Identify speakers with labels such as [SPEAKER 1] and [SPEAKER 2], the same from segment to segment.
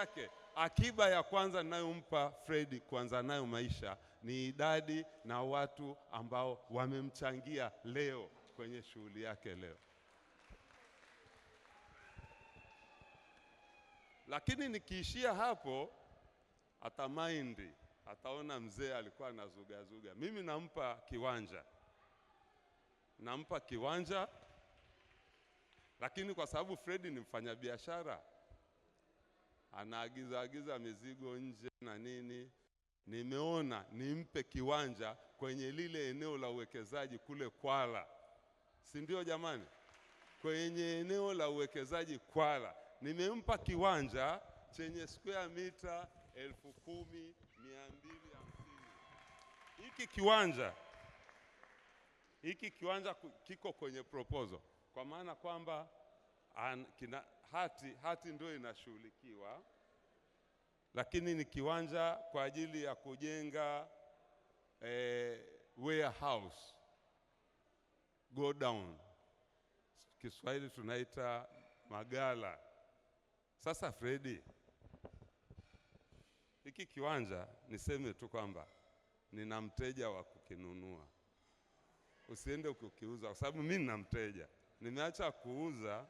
[SPEAKER 1] yake. Akiba ya kwanza ninayompa Fred kuanza nayo maisha ni idadi na watu ambao wamemchangia leo kwenye shughuli yake leo. Lakini nikiishia hapo atamaindi, ataona mzee alikuwa anazugazuga. Mimi nampa kiwanja, nampa kiwanja, lakini kwa sababu Fredi ni mfanyabiashara anaagiza agiza mizigo nje na nini. Nimeona nimpe kiwanja kwenye lile eneo la uwekezaji kule Kwala, si ndio jamani? Kwenye eneo la uwekezaji Kwala nimempa kiwanja chenye square mita elfu kumi mia mbili hamsini. Hiki kiwanja hiki kiwanja kiko kwenye proposal, kwa maana kwamba an, kina, hati, hati ndio inashughulikiwa, lakini ni kiwanja kwa ajili ya kujenga eh, warehouse go down, Kiswahili tunaita magala. Sasa Fredi, hiki kiwanja niseme tu kwamba nina mteja wa kukinunua, usiende ukiukiuza, kwa sababu mimi nina mteja, nimeacha kuuza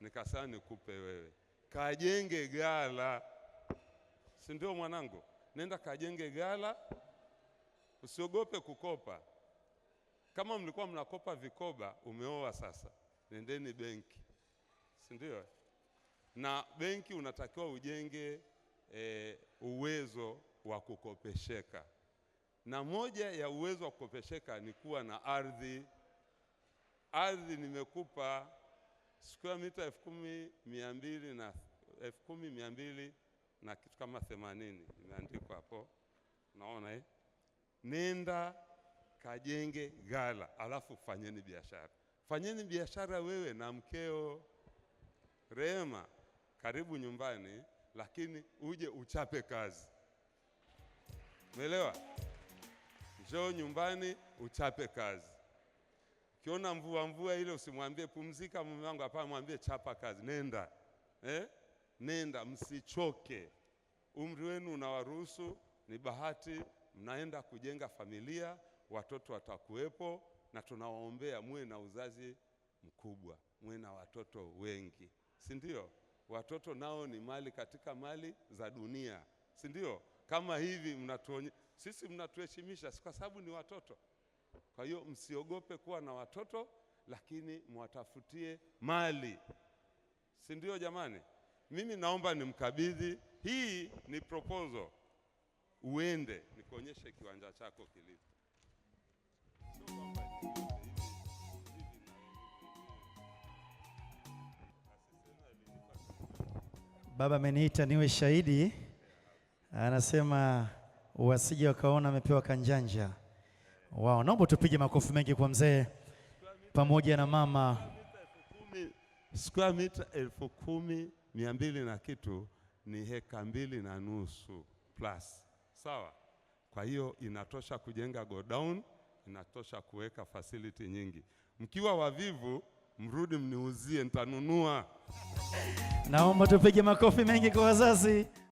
[SPEAKER 1] Nikasaa nikupe wewe, kajenge gala si ndio mwanangu? Nenda kajenge gala usiogope kukopa. Kama mlikuwa mnakopa vikoba, umeoa sasa, nendeni benki, si ndio? Na benki unatakiwa ujenge e, uwezo wa kukopesheka, na moja ya uwezo wa kukopesheka ni kuwa na ardhi. Ardhi nimekupa square mita elfu kumi mia mbili na elfu kumi mia mbili na kitu kama themanini imeandikwa hapo, naona eh? Nenda kajenge ghala, alafu fanyeni biashara. Fanyeni biashara wewe na mkeo Rehema, karibu nyumbani, lakini uje uchape kazi, umeelewa? Njoo nyumbani uchape kazi. Ukiona mvua mvua ile usimwambie pumzika mume wangu, hapana, mwambie chapa kazi, nenda eh? Nenda, msichoke. Umri wenu unawaruhusu, ni bahati, mnaenda kujenga familia, watoto watakuwepo, na tunawaombea muwe na uzazi mkubwa, muwe na watoto wengi, si ndio? Watoto nao ni mali katika mali za dunia, si ndio? Kama hivi mnatuonye sisi, mnatuheshimisha kwa sababu ni watoto kwa hiyo msiogope kuwa na watoto, lakini mwatafutie mali, si ndio? Jamani, mimi naomba nimkabidhi hii, ni proposal, uende nikuonyeshe kiwanja chako kilipo.
[SPEAKER 2] Baba ameniita niwe shahidi, anasema wasije wakaona amepewa kanjanja. Wow, naomba tupige makofi mengi kwa mzee pamoja na mama.
[SPEAKER 1] Square mita elfu kumi mia mbili na kitu ni heka mbili na nusu plus, sawa. Kwa hiyo inatosha kujenga godown, inatosha kuweka facility nyingi. Mkiwa wavivu, mrudi mniuzie, nitanunua.
[SPEAKER 2] Naomba tupige makofi mengi kwa wazazi.